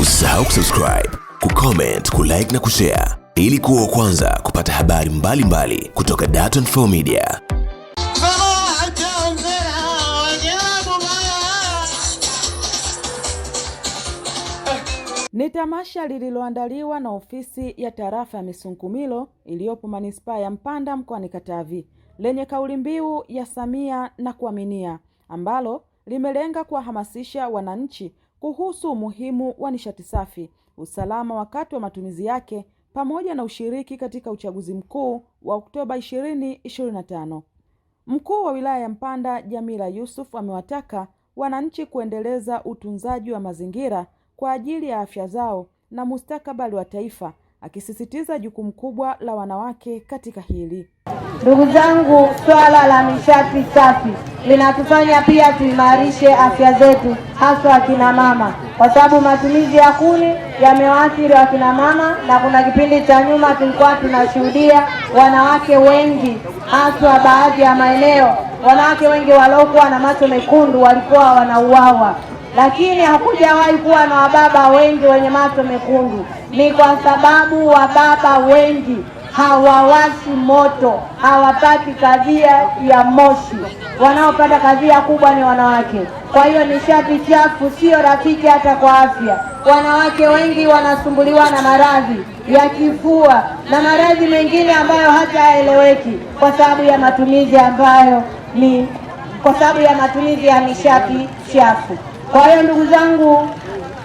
Usisahau kusubscribe, kucomment, kulike na kushare ili kuwa kwanza kupata habari mbalimbali mbali kutoka Dar24 Media. Ni tamasha lililoandaliwa na ofisi ya tarafa ya Misunkumilo iliyopo manispaa ya Mpanda mkoani Katavi lenye kauli mbiu ya Samia na kuaminia ambalo limelenga kuwahamasisha wananchi kuhusu umuhimu wa nishati safi, usalama wakati wa matumizi yake, pamoja na ushiriki katika uchaguzi mkuu wa Oktoba 2025. Mkuu wa wilaya ya Mpanda Jamila Yusuf amewataka wananchi kuendeleza utunzaji wa mazingira kwa ajili ya afya zao na mustakabali wa taifa, akisisitiza jukumu kubwa la wanawake katika hili. Ndugu zangu, swala la nishati safi linatufanya pia tuimarishe afya zetu, haswa akina mama, kwa sababu matumizi ya kuni yamewaathiri wakina mama, na kuna kipindi cha nyuma tulikuwa tunashuhudia wanawake wengi, haswa baadhi ya maeneo, wanawake wengi waliokuwa na macho mekundu walikuwa wanauawa lakini hakujawahi kuwa na wababa wengi wenye macho mekundu. Ni kwa sababu wababa wengi hawawasi moto, hawapati kadhia ya moshi. Wanaopata kadhia kubwa ni wanawake. Kwa hiyo nishati chafu sio rafiki hata kwa afya. Wanawake wengi wanasumbuliwa na maradhi ya kifua na maradhi mengine ambayo hata haeleweki, kwa sababu ya matumizi ambayo ni kwa sababu ya matumizi ya nishati chafu. Kwa hiyo ndugu zangu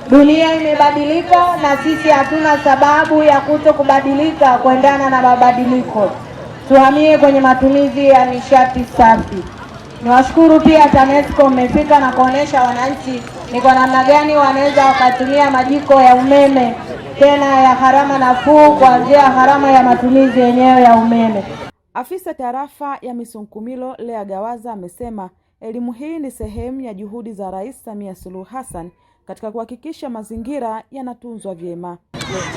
Dunia imebadilika na sisi hatuna sababu ya kuto kubadilika kuendana na mabadiliko. Tuhamie kwenye matumizi ya nishati safi. Niwashukuru pia TANESCO mmefika na kuonesha wananchi ni kwa namna gani wanaweza wakatumia majiko ya umeme tena ya gharama nafuu kuanzia gharama ya matumizi yenyewe ya umeme. Afisa tarafa ya Misunkumilo Lea Gawaza amesema elimu hii ni sehemu ya juhudi za Rais Samia Suluhu Hassan katika kuhakikisha mazingira yanatunzwa vyema.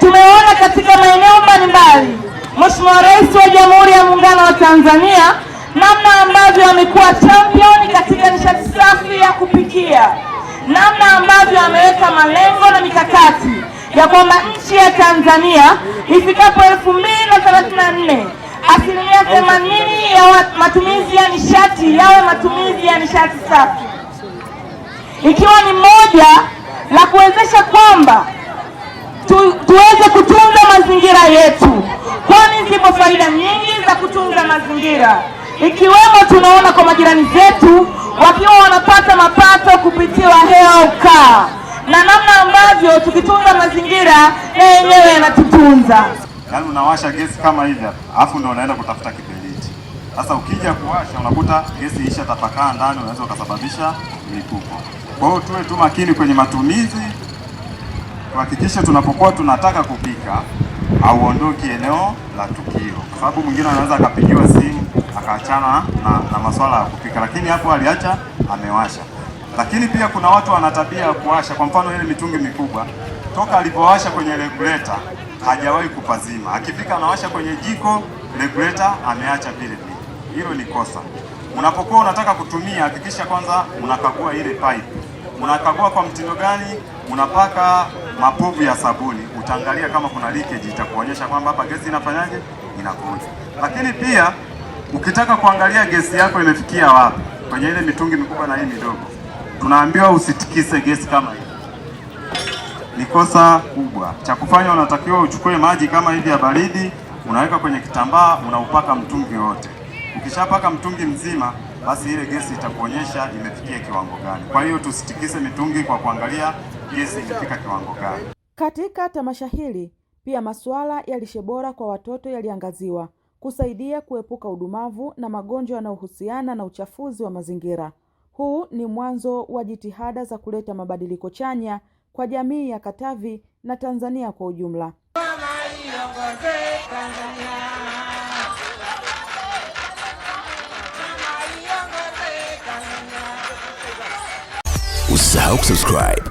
Tumeona katika maeneo mbalimbali Mheshimiwa Rais wa Jamhuri ya Muungano wa Tanzania namna ambavyo amekuwa champion katika nishati safi ya kupikia, namna ambavyo ameweka malengo na mikakati ya kwamba nchi ya Tanzania ifikapo elfu mbili na thelathini na nne asilimia themanini ya matumizi ya nishati yawe matumizi ya nishati safi, ikiwa ni moja mazingira, ikiwemo tunaona kwa majirani zetu wakiwa wanapata mapato kupitia hewa ukaa na namna ambavyo tukitunza mazingira na yenyewe yanatutunza. Yaani unawasha gesi kama hivi alafu ndio unaenda kutafuta kiberiti. Sasa ukija kuwasha unakuta gesi isha tapakaa ndani, unaweza ukasababisha milipuko. Kwa hiyo tuwe tu makini kwenye matumizi, tuhakikishe tunapokuwa tunataka kupika auondoki eneo la tukio, kwa sababu mwingine anaweza akapigiwa simu akaachana na, na masuala ya kupika, lakini hapo aliacha amewasha. Lakini pia kuna watu wana tabia ya kuwasha, kwa mfano ile mitungi mikubwa, toka alipowasha kwenye regulator hajawahi kupazima, akifika anawasha kwenye jiko, regulator ameacha vile vile. Hilo ni kosa. Unapokuwa unataka kutumia, hakikisha kwanza unakagua ile pipe. Unakagua kwa mtindo gani? Unapaka mapovu ya sabuni, utaangalia kama kuna leakage, itakuonyesha kwamba hapa gesi inafanyaje, inakuja. Lakini pia ukitaka kuangalia gesi yako imefikia wapi, kwenye ile mitungi mikubwa na hii midogo, tunaambiwa usitikise gesi kama hii, ni kosa kubwa. Cha kufanya, unatakiwa uchukue maji kama hivi ya baridi, unaweka kwenye kitambaa, unaupaka mtungi wote. Ukishapaka mtungi mzima basi ile gesi itakuonyesha imefikia kiwango gani. Kwa hiyo tusitikise mitungi kwa kuangalia hizi katika kiwango gani. Katika tamasha hili pia masuala ya lishe bora kwa watoto yaliangaziwa kusaidia kuepuka udumavu na magonjwa yanayohusiana na uchafuzi wa mazingira. Huu ni mwanzo wa jitihada za kuleta mabadiliko chanya kwa jamii ya Katavi na Tanzania kwa ujumla. Usisahau kusubscribe